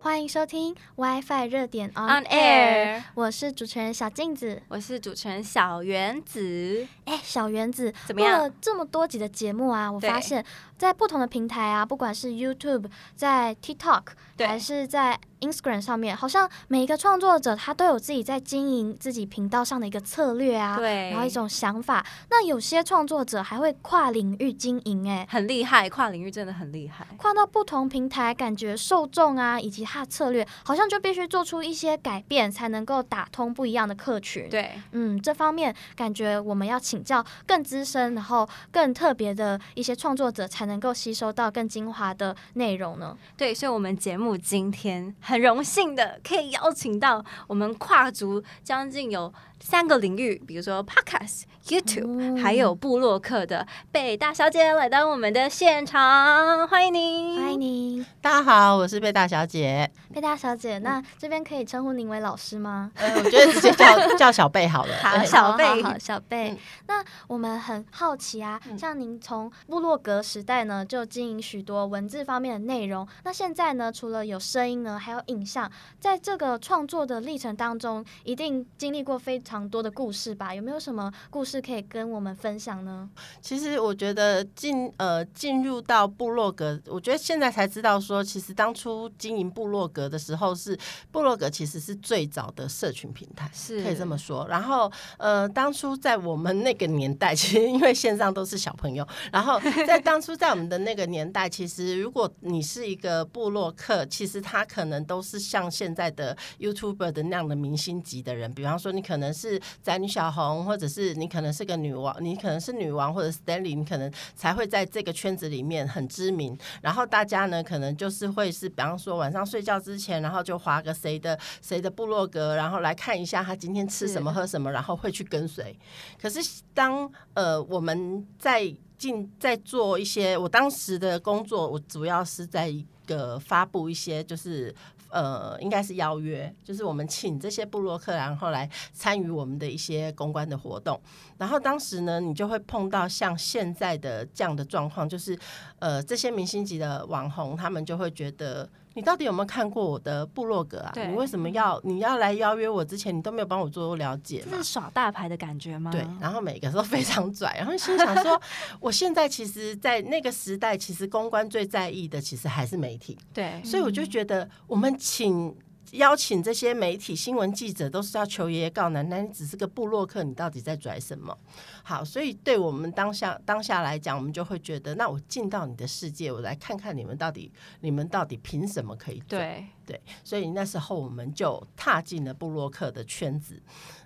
歡迎收聽 WiFi 熱點 On, on Air，我是主持人小靜子，我是主持人小緣子。哎、欸，小緣子，怎麼樣？做了這麼多集的節目啊，我發現。在不同的平台啊，不管是 YouTube、在 TikTok 還是在 Instagram 上面，對好像每一個創作者他都有自己在經營自己頻道上的一個策略啊，對然後一種想法。那有些創作者還會跨領域經營、欸，哎，很厲害，跨領域真的很厲害。跨到不同平台，感覺受眾啊以及他的策略，好像就必須做出一些改變，才能夠打通不一樣的客群。對，嗯，這方面感覺我們要請教更資深、然後更特別的一些創作者才能。能夠吸收到更精華的內容呢？對，所以，我們節目今天很榮幸的可以邀請到我們跨足將近有三個領域，比如說 Podcast、YouTube，還有部落客的貝大小姐來到我們的現場，歡迎您，歡迎您。大家好，我是貝大小姐。貝大小姐，那這邊可以稱呼您為老師嗎？我覺得直接叫叫小貝好了。好，小貝，好，小貝。那我們很好奇啊，像您從部落格時代呢，就經營許多文字方面的內容。那現在呢，除了有聲音呢，還有影像，在這個創作的歷程當中，一定經歷過非常。常多的故事吧，有沒有什麼故事可以跟我們分享呢？其實我覺得進呃進入到部落格，我覺得現在才知道說，其實當初經營部落格的時候是，是部落格其實是最早的社群平台，是可以這麼說。然後呃，當初在我們那個年代，其實因為線上都是小朋友，然後在當初在我們的那個年代， 其實如果你是一個部落客，其實他可能都是像現在的 YouTuber 的那樣的明星級的人，比方說你可能是。是宅女小紅，或者是你可能是個女王，你可能是女王，或者是 Stanley，你可能才會在這個圈子裡面很知名。然後大家呢，可能就是會是，比方說晚上睡覺之前，然後就划個誰的誰的部落格，然後來看一下他今天吃什麼喝什麼，是然後會去跟隨。可是當呃我們在進在做一些，我當時的工作，我主要是在一個發布一些就是。呃，應該是邀約，就是我們請這些部落客，然後來參與我們的一些公關的活動。然後當時呢，你就會碰到像現在的這樣的狀況，就是呃，這些明星級的網紅，他們就會覺得。你到底有沒有看過我的部落格啊？對你為什麼要你要來邀約我之前，你都沒有幫我做了解，就是耍大牌的感覺嗎？對，然後每個都非常拽，然後心想說， 我現在其實，在那個時代，其實公關最在意的，其實還是媒體。對，所以我就覺得我們請。邀請這些媒體新聞記者都是要求爺爺告奶奶，你只是個部落客，你到底在拽什麼？好，所以對我們當下當下來講，我們就會覺得，那我進到你的世界，我來看看你們到底，你們到底憑什麼可以對對？所以那時候我們就踏進了部落客的圈子。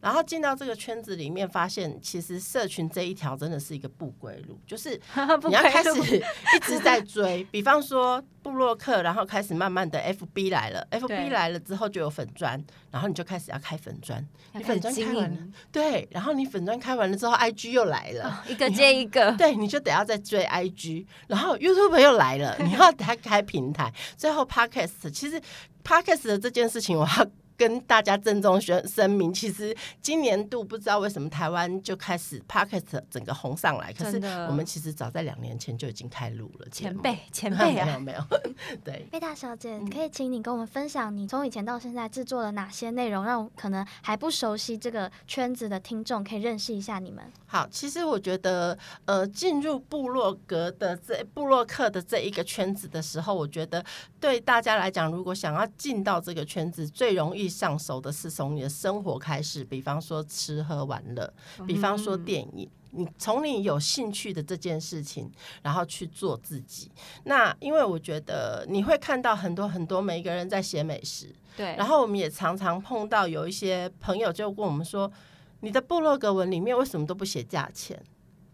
然後進到這個圈子裡面，發現其實社群這一條真的是一個不歸路，就是你要開始一直在追。比方說部落客，然後開始慢慢的 F B 來了對，F B 來了之後就有粉專，然後你就開始要開粉專，你粉專開完了，對，然後你粉專開完了之後 I G 又來了、哦，一個接一個，對，你就得要再追 I G，然後 YouTube 又來了，你要打開平台， 最後 Podcast 其實 Podcast 的這件事情，我。跟大家鄭重宣聲明，其實今年度不知道為什麼台灣就開始 Podcast 整個紅上來，可是我們其實早在兩年前就已經開錄了。的前輩，前輩啊，沒有，沒有，呵呵，對。貝大小姐，可以請你跟我們分享你從以前到現在製作了哪些內容，讓我可能還不熟悉這個圈子的聽眾可以認識一下你們。好，其實我覺得，呃，進入部落格的這部落客的這一個圈子的時候，我覺得對大家來講，如果想要進到這個圈子，最容易。上手的是從你的生活開始，比方說吃喝玩樂，比方說電影。你從你有興趣的這件事情，然後去做自己。那因為我覺得你會看到很多很多每一個人在寫美食，對。然後我們也常常碰到有一些朋友就問我們說，你的部落格文裡面為什麼都不寫價錢？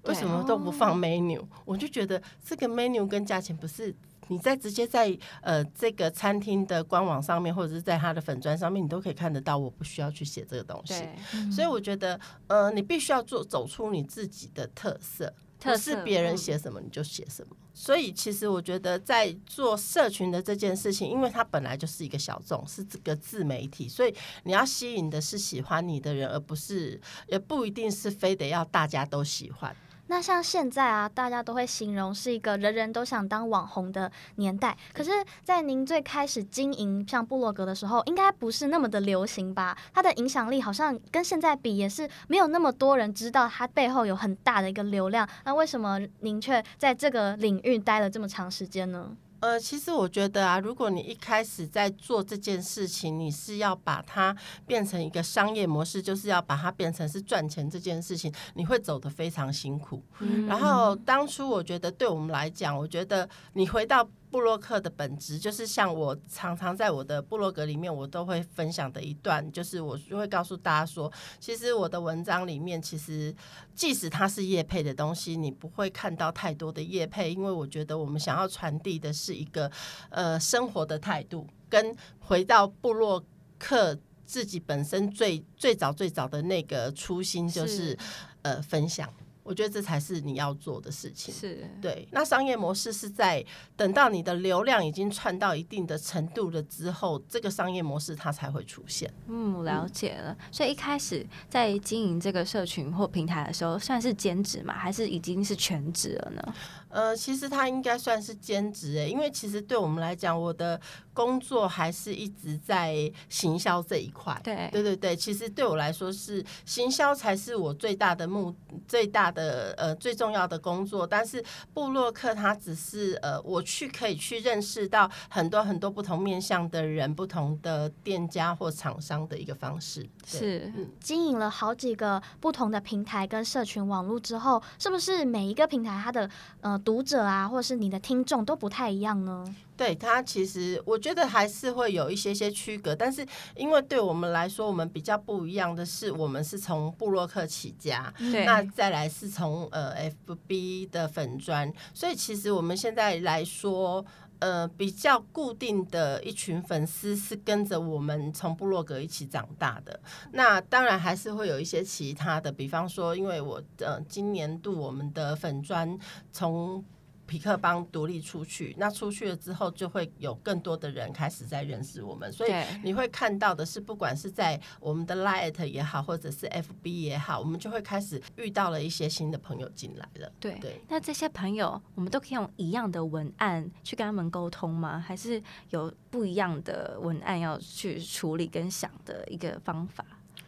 為什麼都不放 menu？對哦。我就覺得這個 menu 跟價錢不是。你再直接在呃這個餐廳的官網上面，或者是在他的粉專上面，你都可以看得到，我不需要去寫這個東西。嗯、所以我覺得，呃，你必須要做走出你自己的特色，特色，可是別人寫什麼你就寫什麼。嗯、所以其實我覺得，在做社群的這件事情，因為它本來就是一個小眾，是這個自媒體，所以你要吸引的是喜歡你的人，而不是也不一定是非得要大家都喜歡。那像現在啊，大家都會形容是一個人人都想當網紅的年代。可是，在您最開始經營像部落格的時候，應該不是那麼的流行吧？它的影響力好像跟現在比也是沒有那麼多人知道，它背後有很大的一個流量。那為什麼您卻在這個領域待了這麼長時間呢？呃，其實我覺得啊，如果你一開始在做這件事情，你是要把它變成一個商業模式，就是要把它變成是賺錢這件事情，你會走得非常辛苦。嗯、然後當初我覺得，對我們來講，我覺得你回到。部落客的本質，就是像我常常在我的部落格裡面，我都會分享的一段，就是我就會告訴大家說，其實我的文章裡面，其實即使它是業配的東西，你不會看到太多的業配，因為我覺得我們想要傳遞的是一個呃生活的態度，跟回到部落客自己本身最最早最早的那個初心，就是，是呃分享。我覺得這才是你要做的事情。是，對。那商業模式是在等到你的流量已經串到一定的程度了之後，這個商業模式它才會出現。嗯，了解了。所以一開始在經營這個社群或平台的時候，算是兼職嘛，還是已經是全職了呢？呃，其實他應該算是兼職哎，因為其實對我們來講，我的工作還是一直在行銷這一塊。對，對對對，其實對我來說是行銷才是我最大的目最大的呃最重要的工作。但是部落客他只是呃我去可以去認識到很多很多不同面向的人、不同的店家或廠商的一個方式。是，嗯、經營了好幾個不同的平台跟社群網絡之後，是不是每一個平台它的呃讀者啊，或是你的聽眾都不太一樣呢？對，他其實我覺得還是會有一些些區隔，但是因為對我們來說，我們比較不一樣的是，我們是從部落客起家，對那再來是從呃 FB 的粉專，所以其實我們現在來說。呃，比較固定的一群粉絲是跟着我們從部落格一起長大的，那當然還是會有一些其他的，比方說，因為我的、呃、今年度我們的粉專從。皮克邦獨立出去，那出去了之後，就會有更多的人開始在認識我們。所以你會看到的是，不管是在我們的 Light 也好，或者是 FB 也好，我們就會開始遇到了一些新的朋友進來了。對對。對，那這些朋友，我們都可以用一樣的文案去跟他們溝通嗎？還是有不一樣的文案要去處理跟想的一個方法？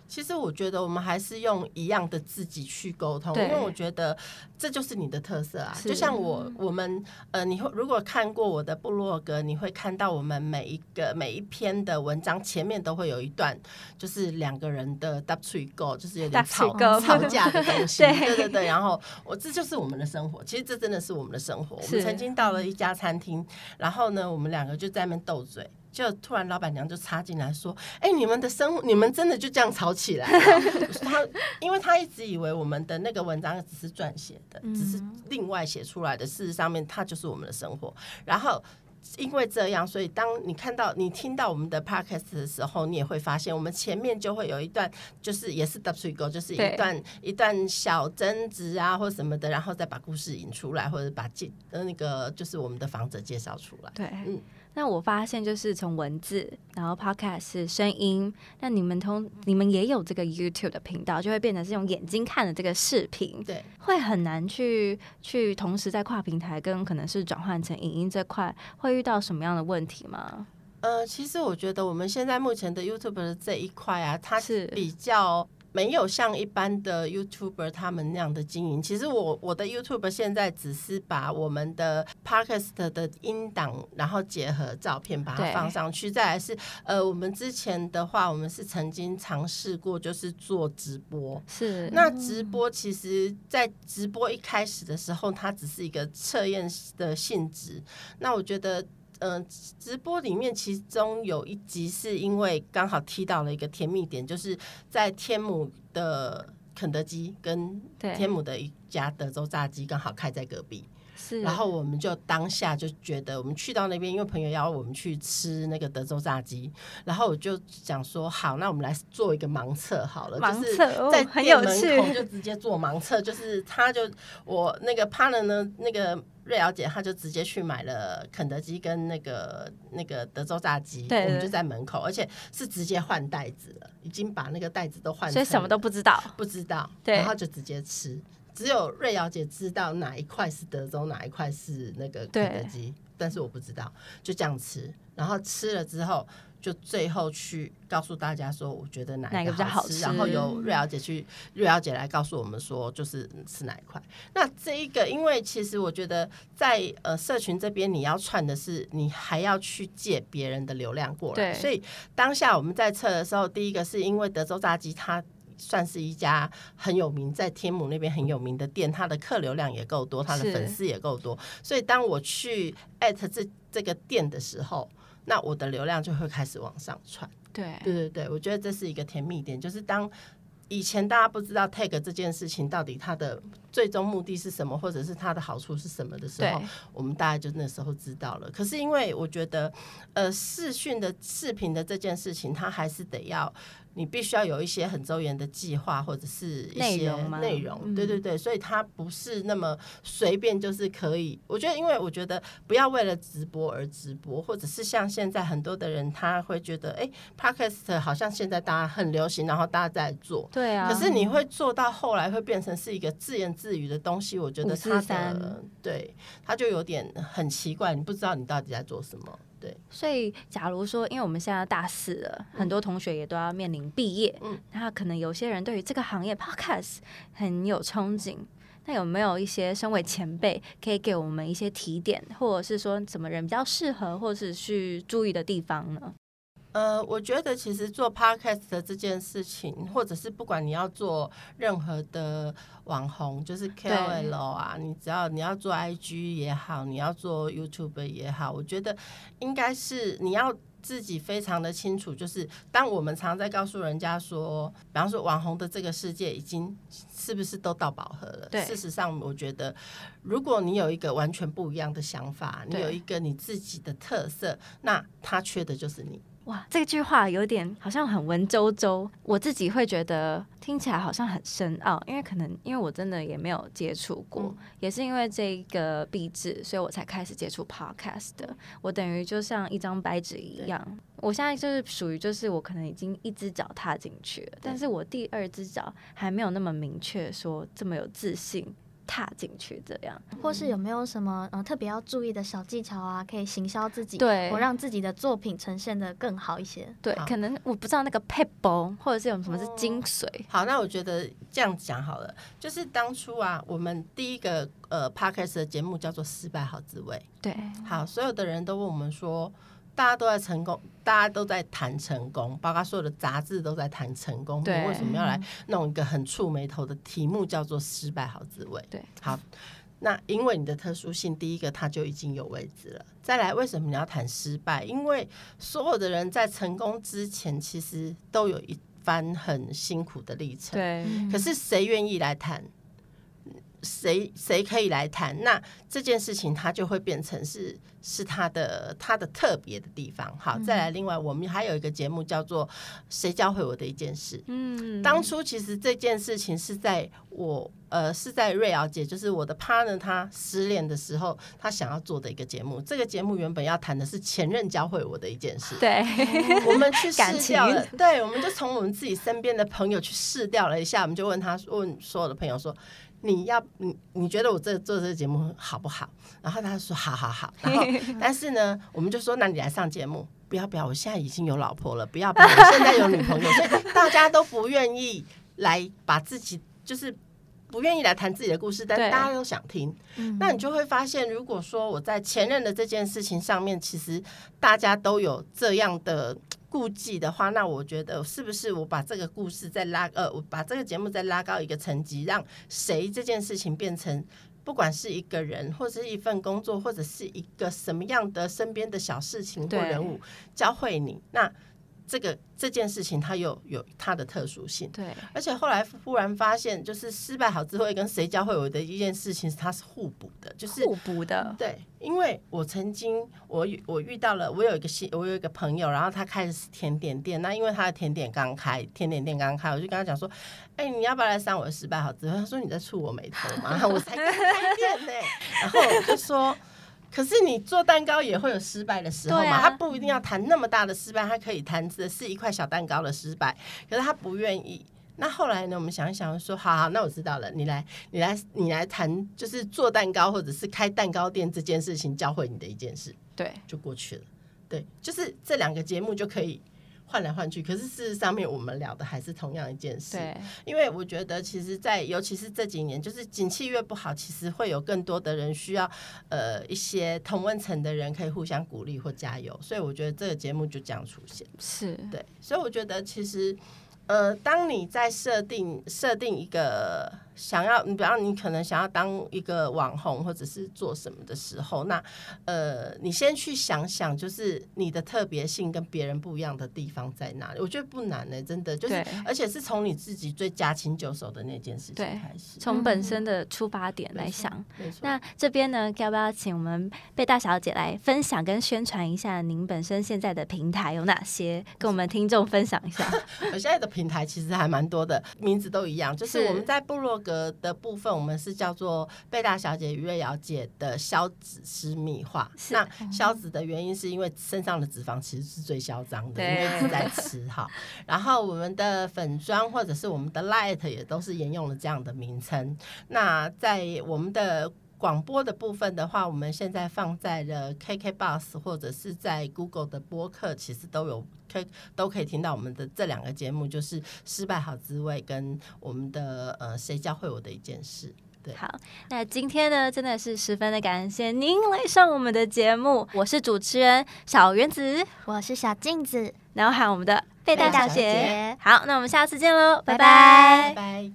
其實我覺得我們還是用一樣的自己去溝通，對因為我覺得這就是你的特色啊。是就像我我們呃，你如果看過我的部落格，你會看到我們每一個每一篇的文章前面都會有一段，就是兩個人的 dialogue，就是有點吵吵架的東西。 對，對對對，然後我這就是我們的生活，其實這真的是我們的生活。是我們曾經到了一家餐廳，然後呢，我們兩個就在那邊鬥嘴。就突然，老闆娘就插進來說：“哎、欸，你們的生活，你們真的就這樣吵起來了？”他，因為他一直以為我們的那個文章只是撰寫的，只是另外寫出來的。事實上面，它就是我們的生活。然後，因為這樣，所以當你看到、你聽到我們的 podcast 的時候，你也會發現，我們前面就會有一段，就是也是 Wego，就是一段對一段小爭執啊，或什麼的，然後再把故事引出來，或者把介那個就是我們的房子介紹出來。對，嗯。那我發現，就是從文字，然後 podcast 是聲音。那你們通，你們也有這個 YouTube 的頻道，就會變成是用眼睛看的這個視頻，對，會很難去去同時在跨平台跟可能是轉換成影音這塊，會遇到什麼樣的問題嗎？呃，其實我覺得我們現在目前的 YouTube 的這一塊啊，它是比較。沒有像一般的 YouTuber 他們那樣的經營。其實我我的 YouTube 現在只是把我們的 Podcast 的音檔，然後結合照片把它放上去。對再來是呃，我們之前的話，我們是曾經嘗試過，就是做直播。是。那直播其實，在直播一開始的時候，嗯、它只是一個測驗的性質。那我覺得。嗯、呃，直播裡面其中有一集是因為剛好踢到了一個甜蜜點，就是在天母的肯德基跟天母的一家德州炸雞剛好開在隔壁。是然後我們就當下就覺得，我們去到那邊，因為朋友邀我們去吃那個德州炸雞，然後我就想說，好，那我們來做一個盲測好了，盲測就是在店門口就直接做盲測，哦、很有趣，就是他就我那個 partner 呢，那個瑞餚姐，他就直接去買了肯德基跟那個那個德州炸雞，對了我們就在門口，而且是直接換袋子了，已經把那個袋子都換成了，所以什麼都不知道，不知道，對，然後就直接吃。只有瑞餚姐知道哪一塊是德州，哪一塊是那個肯德基，對但是我不知道，就這樣吃，然後吃了之後，就最後去告訴大家說，我覺得哪一個好吃，好吃，然後由瑞餚姐去，瑞餚姐來告訴我們說，就是吃哪一塊。那這一個，因為其實我覺得在呃社群這邊，你要串的是，你還要去借別人的流量過來，對所以當下我們在測的時候，第一個是因為德州炸雞它，算是一家很有名，在天母那邊很有名的店，它的客流量也夠多，它的粉絲也夠多，是所以當我去@這這個店的時候，那我的流量就會開始往上竄。對對對對，我覺得這是一個甜蜜點，就是當以前大家不知道 tag 這件事情到底它的。最終目的是什麼，或者是它的好處是什麼的時候，對我們大家就那時候知道了。可是因為我覺得，呃，視訊的視頻的這件事情，它還是得要你必須要有一些很周延的計劃或者是一些內容，內容內容對對對，嗯、所以它不是那麼隨便，就是可以。我覺得，因為我覺得不要為了直播而直播，或者是像現在很多的人，他會覺得哎，Podcast 好像現在大家很流行，然後大家在做，對啊。可是你會做到後來會變成是一個自願。自癒的東西，我覺得他的三對，他就有點很奇怪，你不知道你到底在做什麼。對，所以假如說，因為我們現在大四了，很多同學也都要面臨畢業，嗯，那可能有些人對於這個行業 Podcast 很有憧憬，嗯、那有沒有一些身為前輩可以給我們一些提點，或者是說什麼人比較適合，或者是去注意的地方呢？呃，我覺得其實做 podcast 的這件事情，或者是不管你要做任何的網紅，就是 KOL 啊，對你只要你要做 IG 也好，你要做 YouTube 也好，我覺得應該是你要自己非常的清楚，就是當我們常在告訴人家說，比方說網紅的這個世界已經是不是都到飽和了？對，事實上我覺得，如果你有一個完全不一樣的想法，你有一個你自己的特色，那他缺的就是你。哇，這句話有點好像很文縐縐，我自己會覺得聽起來好像很深奧，因為可能因為我真的也沒有接觸過，嗯、也是因為這個壁紙，所以我才開始接觸 podcast 的、嗯、我等於就像一張白紙一樣，對我現在就是屬於就是我可能已經一隻腳踏進去了，對但是我第二隻腳還沒有那麼明確說這麼有自信。踏進去這樣，或是有沒有什麼呃特別要注意的小技巧啊，可以行銷自己，對我讓自己的作品呈現得更好一些？對，好可能我不知道那個撇步或者是有什麼是精髓。嗯、好，那我覺得這樣講好了，就是當初啊，我們第一個呃 Podcast 的節目叫做失敗好滋味。對，好，所有的人都問我們說。大家都在成功，大家都在談成功，包括所有的雜誌都在談成功。對你為什麼要來弄一個很觸霉頭的題目，叫做“失敗好滋味”？對，好。那因為你的特殊性，第一個它就已經有位置了。再來，為什麼你要談失敗？因為所有的人在成功之前，其實都有一番很辛苦的歷程。對，可是誰願意來談？誰誰可以來談？那這件事情它就會變成是是他的他的特別的地方。好，再來，另外我們還有一個節目叫做《誰教會我的一件事》。嗯，當初其實這件事情是在我呃是在瑞餚姐，就是我的 partner，她失戀的時候，她想要做的一個節目。這個節目原本要談的是前任教會我的一件事。對， 我們去試掉了。情對，我們就從我們自己身邊的朋友去試掉了一下，我們就問他問所有的朋友說。你要你你覺得我這做這個節目好不好？然後他說好好好，然後但是呢，我們就說那你來上節目，不要不要，我現在已經有老婆了，不要不要， 我現在有女朋友，大家都不願意來把自己就是不願意來談自己的故事，但大家都想聽。對那你就會發現，如果說我在前任的這件事情上面，其實大家都有這樣的。顧忌的話，那我覺得是不是我把這個故事再拉呃，我把這個節目再拉高一個層級，讓誰這件事情變成，不管是一個人，或者是一份工作，或者是一個什麼樣的身邊的小事情或人物，對教會你那。這個這件事情它有、它有它的特殊性。對，而且後來忽然發現，就是失敗好之後，跟誰教會我的一件事情，是它是互補的，就是互補的。對，因為我曾經我我遇到了，我有一個新，我有一個朋友，然後他開的是甜點店。那因為他的甜點剛開，甜點店剛開，我就跟他講說：“哎、欸，你要不要來賞我的失敗好？”之後他說：“你在觸我霉頭嗎？ 我才剛開店呢、欸。” 然後我就說。可是你做蛋糕也會有失敗的時候嘛？啊、他不一定要談那麼大的失敗，他可以談的是一塊小蛋糕的失敗。可是他不願意。那後來呢？我們想一想，說，好好，那我知道了，你來，你來，你來談，就是做蛋糕或者是開蛋糕店這件事情，教會你的一件事，對，就過去了。對，就是這兩個節目就可以。換來換去，可是事實上面我們聊的還是同樣一件事。對因為我覺得其實，在尤其是這幾年，就是景氣越不好，其實會有更多的人需要，呃，一些同溫層的人可以互相鼓勵或加油。所以我覺得這個節目就這樣出現。是對，所以我覺得其實，呃，當你在設定設定一個。想要你，比方你可能想要當一個網紅或者是做什麼的時候，那呃，你先去想想，就是你的特別性跟別人不一樣的地方在哪裡？我覺得不難呢、欸，真的，就是對而且是從你自己最駕輕就熟的那件事情開始，從本身的出發點來想。嗯、那這邊呢，要不要請我們貝大小姐來分享跟宣傳一下您本身現在的平台有哪些？跟我們聽眾分享一下。 我現在的平台其實還蠻多的，名字都一樣，就是我們在部落。的部分，我們是叫做貝大小姐、瑞餚姐的消脂私密化。的那消脂的原因是因為身上的脂肪其實是最囂張的，對因為一直在吃哈。 然後我們的粉專或者是我們的 light 也都是沿用了這樣的名稱。那在我們的。廣播的部分的話，我們現在放在了 KKBOX 或者是在 Google 的播客，其實都有可都可以聽到我們的這兩個節目，就是《失敗好滋味》跟我們的呃《誰教會我的一件事》。對，好，那今天呢，真的是十分的感謝您來上我們的節目。我是主持人小緣子，我是小靜子，然後喊我們的貝大小姐。好，那我們下次見嘍，拜拜。拜拜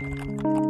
嗯